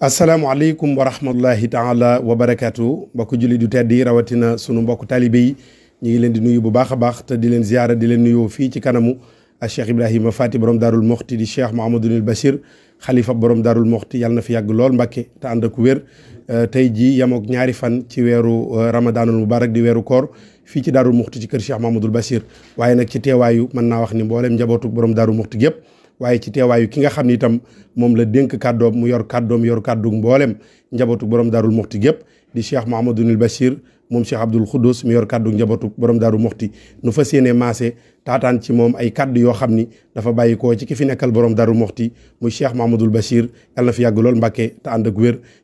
asalaamualeykum wa rahmatullahi taala wa barakaatu mbokk julli du tedd yi rawatina sunu mbokk taalibe yi ñu ngi leen di nuyu bu baax a baax te di leen ziyaara di leen nuyoo fii ci kanamu ak cheikh ma Fati borom daarul moxti di cheikh Mouhamadul Bachir xalifa borom daarul moxti yàlla na fi yàgg lool mbàkke te ànd ak wér. Euh, tey jii yamook ñaari fan ci weeru euh, ramadanul mubarak di weeru koor fii ci daarul moxti ci kër cheikh Mouhamadul Bachir waaye nag ci teewaayu mën naa wax ni mboolem njabootu borom daarul moxti gépp waaye ci teewaayu ki nga xam ni itam moom la dénk kaddoom mu yor kàddoom yor kàddu mboolem njabootu borom darul muxti gépp di Cheikh Mouhamadoul Bachir moom Cheikh Abdoul Khoudous mi yor kàddu njabootu borom daaru moxti nu fa yéene maase taataan ci moom ay kàddu yoo xam ni dafa bàyyi koo ci ki fi nekkal boroom daaru moxti mu Cheikh Mahamadoul Bachir yàlla na fi yàgg lool Mbàkke te ànd ak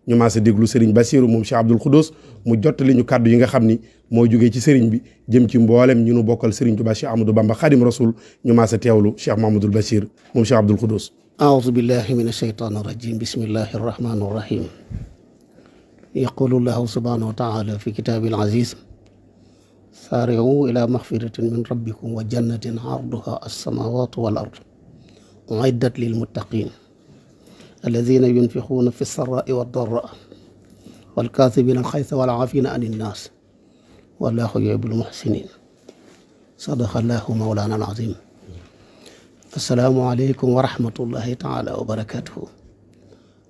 ñu maase déglu Serigne Bassirou moom Cheikh Abdoul Khoudous mu jottali ñu kàddu yi nga xam ni moo jógee ci Serigne bi jëm ci mboolem ñu nu bokkal Serigne Touba Cheikh Amadou Bamba Khadim Rasoul ñu maase teewlu Cheikh Mahamadoul Bachir moom Cheikh Abdoul Khoudous. aouzu billahi mina shaytaani rajiim bismillahi rahmaani rahiim. yaqulu llahu subhanahu wa taala fi kitaabi al aziz saariu ila maxfiratin min rabbikum wa jannatin arduha alsamawatu wal ard uiddat lil muttaqin alladina yunfiquuna fi lsarai waddaraa walkaasibina alxaysa walaafina an innaas wallahu yuhibbul muxsinin sadaqallahu mawlana alazim asalaamualeykum wa rahmatullahi taala wa barakatuhu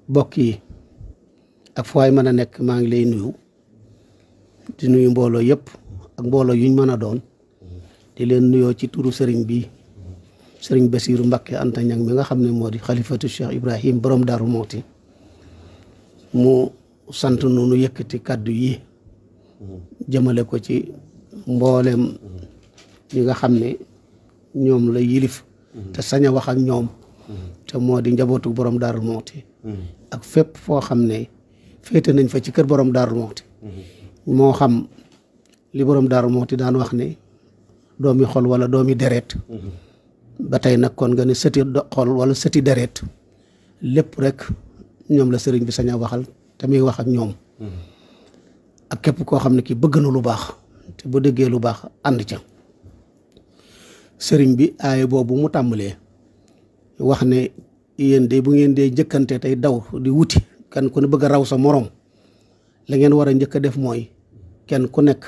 bokk yi ak fu waay mën a nekk maa ngi lay nuyu di nuyu mbooloo yëpp ak mbooloo yuñ mën a doon di leen nuyoo ci turu sëriñ bi sëriñ Basiiru Mbakke Anta Ñaŋ mi nga xam ne moo di xalifatu Cheikh Ibrahim borom Daaru Mooti mu sant nu yëkkati kàddu yi jëmale ko ci mboolem ñi nga xam ne ñoom la yilif te sañ wax ak ñoom te moo di njabootu borom Daaru Mooti mm-hmm. ak fépp foo xam ne féete nañ fa ci kër borom daarul moxti moo xam li boroom borom moo moxti daan wax ne doomi xol wala doomi deret ba tey nag kon nga ne sëti xol wala sëti deret lépp rek ñoom la sëriñ bi sañ waxal te muy wax ak ñoom ak képp koo xam ne ki bëgg na lu baax te bu déggee lu baax ànd ca sëriñ bi aaye boobu mu tàmbalee wax ne yéen de bu ngeen dee jëkkante tey daw di wuti kenn ku bëgg a raw sa morom la ngeen war a njëkk a def mooy kenn ku nekk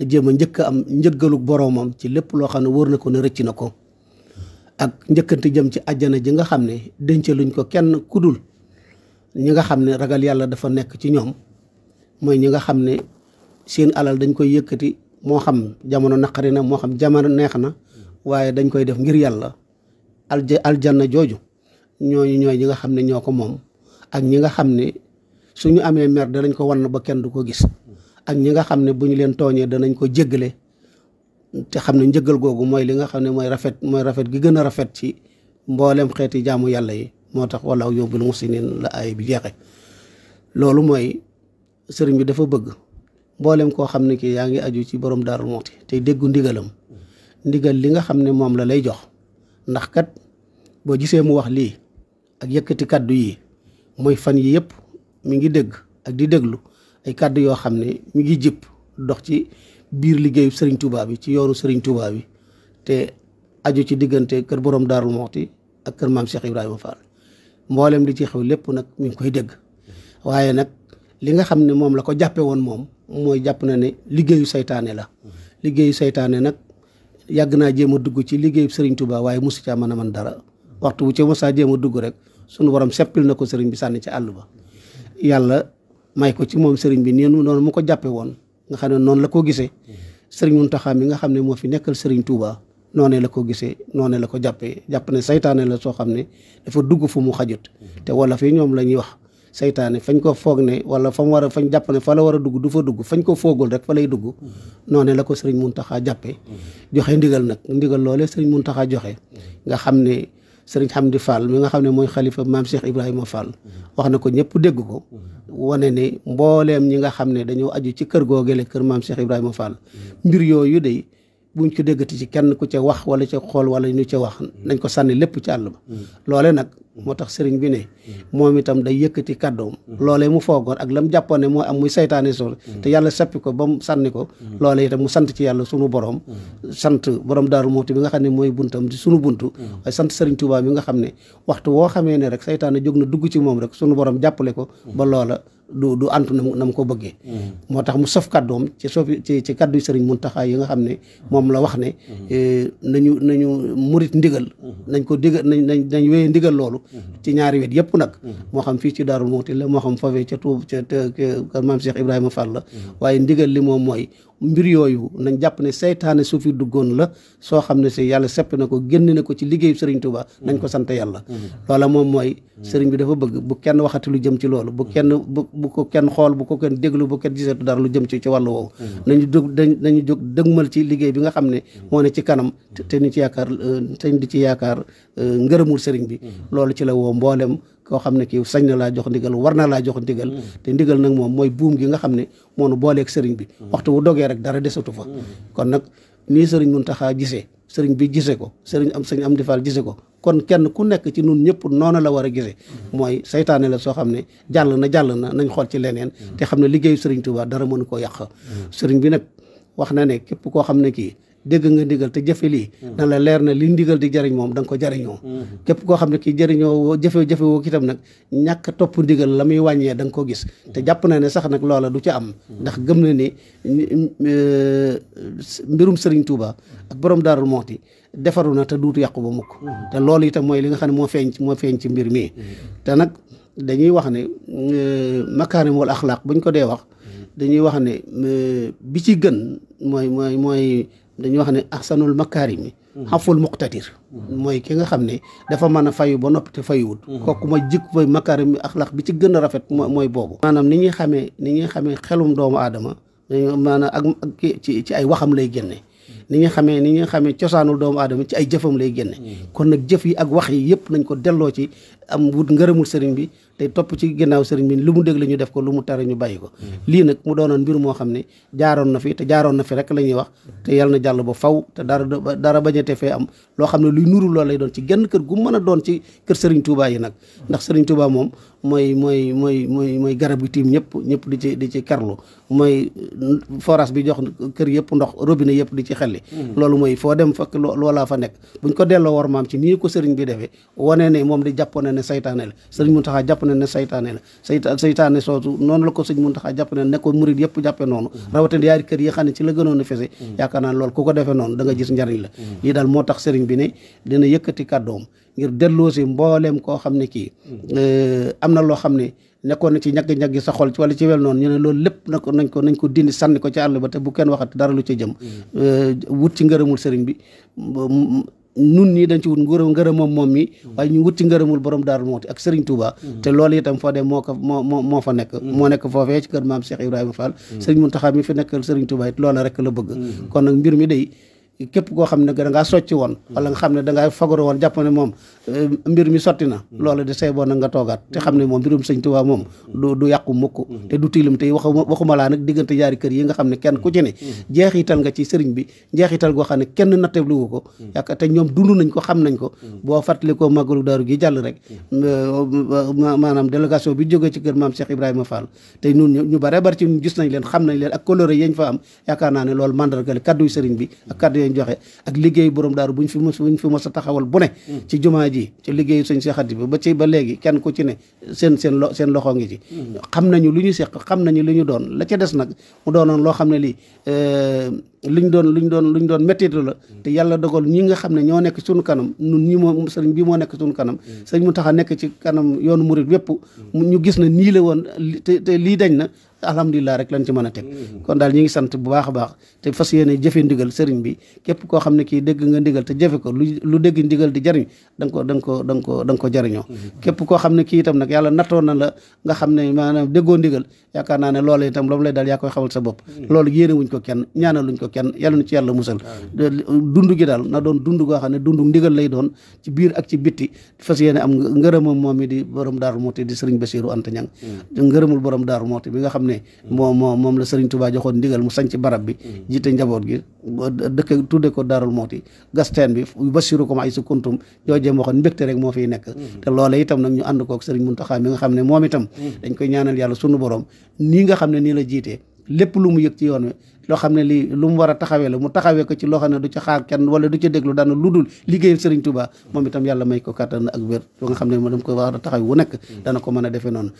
na jéem a njëkk a am njëggalu boroomam ci lépp loo xam ne wóor na ko ne rëcc na ko ak njëkkante jëm ci àjjana ji nga xam ne dencaluñ ko kenn ku dul ñi nga xam ne ragal yàlla dafa nekk ci ñoom mooy ñi nga xam ne seen alal dañ koy yëkkati moo xam jamono naqari na moo xam jamono neex na waaye dañ koy def ngir yàlla aljanna jooju ñooñu ñooy ñi nga xam ne ñoo ko moom ak ñi nga xam ne suñu amee mer danañ ko wan ba kenn du ko gis ak ñi nga xam ne bu ñu leen tooñee danañ ko jéggale te xam ne njëgal googu mooy li nga xam ne mooy rafet mooy rafet gi gën a rafet ci mboolem xeeti jaamu yàlla yi moo tax walaaw yóbbul muhsinin la ay bi jeexe loolu mooy sëriñ bi dafa bëgg mboolem koo xam ne kii yaa ngi aju ci borom Daaru Muxti tey déggu ndigalam ndigal li nga xam ne moom la lay jox ndax kat boo gisee mu wax lii ak yëkkati kàddu yi mooy fan yii yëpp mi ngi dégg ak di déglu ay kàddu yoo xam ne mu ngi jëpp dox ci biir liggéeyu Serigne tubaab bi ci yoonu Serigne Touba bi te aju ci diggante kër borom Darou Mouhty ak kër maam Cheikh Ibrahima Fall mboolem li ci xew lépp nag mu ngi koy dégg waaye nag li nga xam ne moom la ko jàppe woon moom mooy jàpp na ne liggéeyu saytaane la liggéeyu saytaane nag yàgg naa jéem a dugg ci liggéeyu Serigne Touba waaye mosu caa mën a mën dara waxtu bu ci mosaa jéem a dugg rek sunu borom seppil na ko sëriñ bi sànni ci àll ba yàlla may ko ci moom sëriñ bi neen noonu mu ko jàppe woon nga xam ne noonu la ko gisee sëriñ Muntaxa mi nga xam ne moo fi nekkal sëriñ Touba noonee la ko gisee noonee la ko jàppee jàpp ne saytaane la soo xam ne dafa dugg fu mu xajut te wala fi ñoom la ñuy wax saytaane fañ ko foog ne wala fa war fañ jàpp ne fa la war a dugg du fa dugg fañ ko foogul rek fa lay noonee la ko sëriñ Muntaxa jàppee joxe ndigal nag ndigal loolee sëriñ Muntaxa joxe nga xam ne sëriñ Hamdi Fall mi nga xam ne mooy xalifa maam Cheikh Ibrahima Fall wax na ko ñëpp dégg ko wane ne mbooleem ñi nga xam ne dañoo aju ci kër googele kër maam Cheikh Ibrahima Fall mbir yooyu de buñ ko déggati ci kenn ku ca wax wala ca xool wala ñu ca wax nañ ko sànni lépp ci àll ba mm. loole nag moo tax sëriñ bi ne moom itam day yëkkati kàddoom loolee mu foogoon ak la jàppoon ne moo am muy seytaane sol te yàlla seppi ko ba mu sànni ko loolee itam mu sant ci yàlla sunu borom sant borom daaru mooti bi nga xam ne mooy buntam di sunu buntu sant sëriñ Tuubaa bi nga xam ne waxtu woo xamee ne rek saytaane jóg na dugg ci moom rek sunu borom jàppale ko ba loola du du antu na mu ko bëggee moo tax mu sof kàddoom ci sof ci ci kàddu sëriñ Muntaxa yi nga xam ne moom la wax ne eh, nañu nañu murit ndigal nañ ko digal nañ nañ nañ wéyee ndigal loolu ci ñaari wet yëpp nag moo xam fii ci Daarul Muxti la moo xam foofee ca Tuuba ca Maam Cheikh Ibrahima Fall la mm-hmm. waaye ndigal li moom mooy mbir yooyu nañ jàpp ne seytaane su fi duggoon la soo xam ne si yàlla sepp na ko génn ne ko ci liggéeyu Serigne Touba nañ ko sant yàlla loola moom mooy Serigne bi dafa bëgg bu kenn waxati lu jëm ci loolu bu kenn bu bu ko kenn xool bu ko kenn déglu bu kenn gisatu dara lu jëm ci ci wàllu woowu nañu jóg nañu jóg dëgmal ci liggéey bi nga xam ne moo ne ci kanam te ci yaakaar euh, te di ci yaakaar euh, ngërëmul Serigne bi loolu ci la woo mboolem koo xam ne kii sañ na laa jox ndigal war na laa jox ndigal mm. te ndigal nag moom mooy buum gi nga xam ne moo nu booleeg sëriñ bi mm. waxtu wu dogee rek dara desatu fa mm. kon nag nii sëriñ Muntaxa gisee sëriñ bi gisee ko sëriñ am sëriñ am Fall gisee ko kon kenn ku nekk ci nun ñëpp noonu la war a gisee mooy seytaane la soo xam ne jàll na jàll na nañ xool ci leneen te xam ne liggéeyu sëriñ Tuubaa dara mënu koo yàq sëriñ bi nag wax na ne képp koo xam ne kii dégg nga ndigal te jëfe lii mm-hmm. na la leer na li ndigal di jëriñ moom danga ko jariñoo mm-hmm. képp koo xam ne kii jëriñoo jëfe jëfe woo tam nag ñàkk topp ndigal la muy wàññee danga nga ko gis mm-hmm. te jàpp na ne sax nag loola du ci am ndax gëm na ni e, mbirum Serigne Touba ak borom Daarul Moxti defaru na te duut yàqu ba mukk te loolu itam mooy li nga xam ne moo feeñ moo feeñ ci mbir mii te nag dañuy wax ne e, makaarim wal axlaaq buñ ko dee wax dañuy wax ne e, bi ci gën mooy dañuy wax ne ahsanul makaarim yi mm-hmm. xaful muqtadir mm-hmm. mooy ki nga xam ne dafa mën a fayu ba noppi te fayuwul mm-hmm. kooku ma jikk jik mooy ak lax bi ci gën a rafet mooy boobu maanaam ni ñuy xamee ni ñuy xamee xelum doomu aadama maanaam ak ci ci ay waxam lay génne ni nga xamee ni nga xamee cosaanul doomu aadama ci ay jëfam lay génne mm-hmm. kon nag jëf yi ak wax yi yëpp nañ ko delloo ci am wut ngërëmul sëriñ bi te topp ci ginnaaw sëriñ bi lu mu déglu ñu def ko lu mu tere ñu bàyyi ko mm-hmm. lii nag mu doonoon mbir moo xam ne jaaroon na fi te jaaroon na fi rek la ñuy wax te yàlla na jàll ba faw te dara dara bañete fee am loo xam ne luy nurul lool lay doon ci genn kër gu mën a doon ci kër sëriñ Touba yi nag ndax sëriñ Touba moom mooy mooy mooy mooy mooy garab gi tiim ñëpp ñëpp di ci di ci kerlu mooy mm, forage bi jox kër yëpp ndox robinet yëpp di ci xelli mm. loolu mooy foo dem fekk loolaa fa nekk buñ ko delloo maam ci nii ko sëriñ bi defee wane ne moom di jàpp na ne saytaane la sëriñ Muntaxa jàpp na ne saytaane la sayta saytaane soosu noonu la ko sëriñ Muntaxa jàpp na ne ko yëpp jàppe noonu mm. rawatina yaari kër yi xam ne ci la gënoon a fese yaakaar naa loolu ku ko defee noonu da gis njariñ la lii daal moo tax sëriñ bi ne dina yëkkati kàddoom ngir delloosi mbooleem koo xam ne kii mm. eh, am na loo xam ne nekkoon na ci ñagg-ñagg sa xol ci wala ci wel noonu ñu ne loolu lépp na ko nañ ko nañ ko dindi sànni ko ci àll ba te bu kenn waxat dara lu ca jëm mm. eh, wut ci ngërëmul sëriñ bi nun nii dañ ci wut ngërëm ngërëmam moom mi mm. waaye ñu wut ci ngërëmul borom moo Muxti ak sëriñ Touba te loolu itam foo dem moo ko moo moo moo fa nekk moo nekk foofee ci kër maam Cheikh Ibrahima Fall Serigne Mountakha mi fi nekkal Serigne Touba it loola rek la bëgg kon képp koo xam ne que da ngaa socc woon wala nga xam ne da ngaa fagaru woon jàpp ne moom euh, mbir mi sotti na mm-hmm. loolu de say nag nga toogaat te xam ne moom mbirum sëñ Tuubaa moom mm-hmm. du du yàqu mukk mm-hmm. te du tilim te waxuma waxuma laa nag diggante yaari kër yi nga xam ne kenn ku ci ne jeexital nga ci sëriñ bi jeexital goo xam ne kenn nattablu ko yàq te ñoom dund nañ ko xam nañ ko boo fàttali ko màggalu daaru gi jàll rek euh, maanaam délégation bi jógee ci kër maam Cheikh Ibrahima Fall te ñun ñu bare bari ci gis nañ leen xam nañ leen ak coloré yañ fa am yaakaar naa ne loolu mandargal kàdduy sëriñ bi lañ joxe ak liggéey borom daaru buñ fi mos buñ fi mos sa taxawal bu ne mm. ci jumaa ji ci liggéey suñ seexati bi ba ci ba léegi kenn ku ci ne seen seen lo seen loxo ngi ci mm. xam nañu lu ñu seq xam nañu lu ñu doon la ca des nag mu doonoon loo xam ne lii euh, luñ doon luñ doon luñ doon méttiitu la mm. te yàlla dogal ñi nga xam ne ñoo nekk suñu kanam nun ñi moo sëriñ bi moo nekk suñu kanam sëriñ mu taxa nekk ci kanam yoonu murit wépp ñu gis na nii la woon te lii dañ na alhamdulilah rek lañ ci mën a teg mm-hmm. kon daal ñi ngi sant bu baax a baax te fas yéene jëfe ndigal sëriñ bi képp koo xam ne kii dégg nga ndigal te jëfe ko lu lu dégg ndigal di jëriñ da nga ko da nga ko da nga ko da nga ko jëriñoo mm-hmm. koo xam ne kii itam nag yàlla nattoon na la nga xam ne maanaam déggoo ndigal yaakaar naa ne loola itam loolu lay daal yaa koy xamal sa bopp mm-hmm. loolu yéene wuñ ko kenn ñaana luñ ko kenn yàlla ñu ci yàlla musal dund daal na doon dund goo xam ne dund ndigal lay doon ci biir ak ci bitti fas yéene am ngërëmam moom mi di borom daaru mooti di sëriñ Basiru Anta Ñang ngërëmul borom daaru mooti bi ne moo moo moom la Serigne Touba joxoon ndigal mu sanc barab bi mm. jiite njaboot gi dëkk tudde ko Daarul Mooti gas teen bi basirukum ay su kuntum joojee waxoon mbégte rek moo fiy nekk mm. te loola itam nag ñu ànd kook Serigne Mountakha mi nga xam ne moom itam mm. dañ koy ñaanal yàlla sunu borom nii nga xam ne nii la jiitee lépp lu mu yëg ci yoon loo xam ne lii lu mu war a taxawee la mu taxawee ko ci loo xam ne du ca xaar kenn wala du ca déglu dana lu dul liggéeyal Serigne Touba moom itam yàlla may ko kattan ak wér ba nga xam ne moo ko war a taxaw wu a xam ne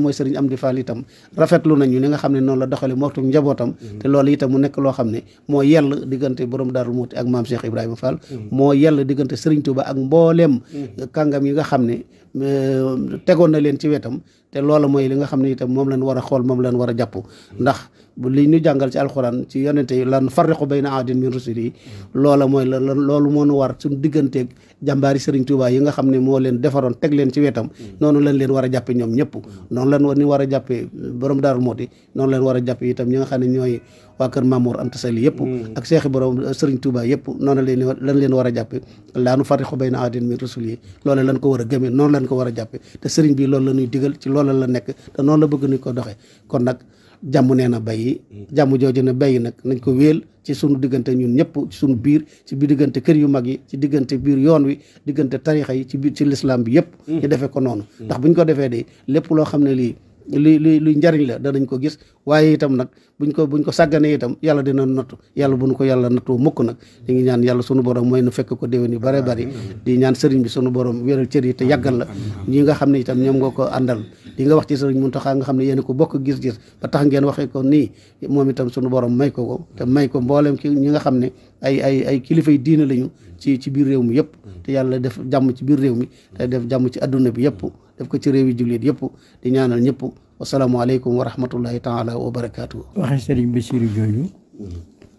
mooy Serigne Amdi Fall li nga xam ne noonu la doxale moo tuk njabootam te loolu itam mu nekk loo xam ne moo yell diggante borom Daaru Muxti ak maam Cheikh Ibrahima Fall mm. moo yell diggante Serigne Touba ak mbooleem mm. kàngam yi nga xam ne Euh, tegoon na leen ci wetam te loola mooy li nga xam ne itam moom lañ war a xool moom lañ war a jàpp ndax li ñu jàngal ci alxuraan ci yonente yi lan farriqu bayna aadin min rusuli yi loola mooy la loolu moo war suñu digganteeg jàmbaari Serigne Touba yi nga xam ne moo leen defaroon teg leen ci wetam noonu lañ leen war a jàppe ñoom ñëpp noonu lañ ni war a jàppe borom daaru mooti noonu lañ war a jàppe itam ñi nga xam ne ñooy waa kër Mamour Anta Sali yëpp mm. ak Cheikh borom euh, Serigne Touba yëpp noonu leen leen war a jàppe laa nu farriqu bayna aadin min rusuli yi loola lañ ko war a gëmee noonu lañ ko war a jàppe te sëriñ bi loolu la ñuy digal ci loolu la nekk te noonu la bëgg nuñ ko doxee kon nag jàmm nee na bàyyi jàmm jooju ne bàyyi nag nañ ko wéel ci sunu diggante ñun ñëpp ci sunu biir ci biir diggante kër yu mag yi ci diggante biir yoon wi diggante tarixa yi ci biir ci lislaam bi yëpp mm. ñu defee ko noonu ndax buñ ko defee de lépp loo xam ne lii luy luy luy njariñ la danañ ko gis waaye itam nag buñ ko buñ ko sàgganee itam yàlla dina nattu yàlla bu nu ko yàlla nattoo mukk nag ñu ñaan yàlla sunu borom mooy nu fekk ko déwén yu bare bari di ñaan sëriñ bi sunu borom wéral cër yi te yàggal la ñi nga xam ne itam ñoom nga ko àndal li nga wax ci sëriñ Muntaxa nga xam ne yéen ko bokk gis-gis ba tax ngeen waxee ko nii moom itam sunu borom may ko ko te may ko mboolem ki ñi nga xam ne ay ay ay kilifay diine lañu ci ci biir réew mi yëpp te yàlla def jàmm ci biir réew mi te def jàmm ci adduna bi yëpp def ko ci réewi jullit yëpp di ñaanal ñëpp wasalaamualeykum wa rahmatullahi taala wa barakaatu. waxe sëriñ Bassirou jooju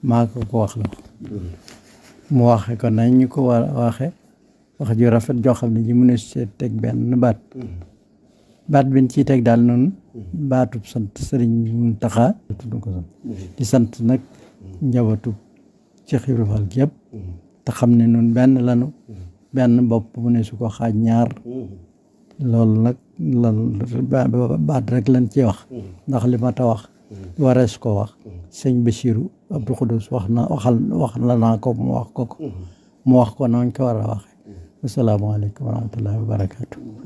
maa ko ko wax la mu waxe ko nañ ñu ko war a waxe wax ju rafet joo xam ne ji mu ne seet teg benn baat baat bi ci teg daal noonu baatub sant sëriñ Muntaxa tudd sant di sant nag njabootu ci Ibra Fall yëpp te xam ne noonu benn lanu benn bopp mu ne su ko xaaj ñaar loolu nag lan baat rek lan ci wax hmm. ndax li ma ta wax hmm. warees ko wax hmm. sëñ Bassirou Abdou Khoudous wax na waxal la naa ko mu wax ko ko mu wax ko noonu ko war a waxe asalaamaaleykum wa rahmatullahi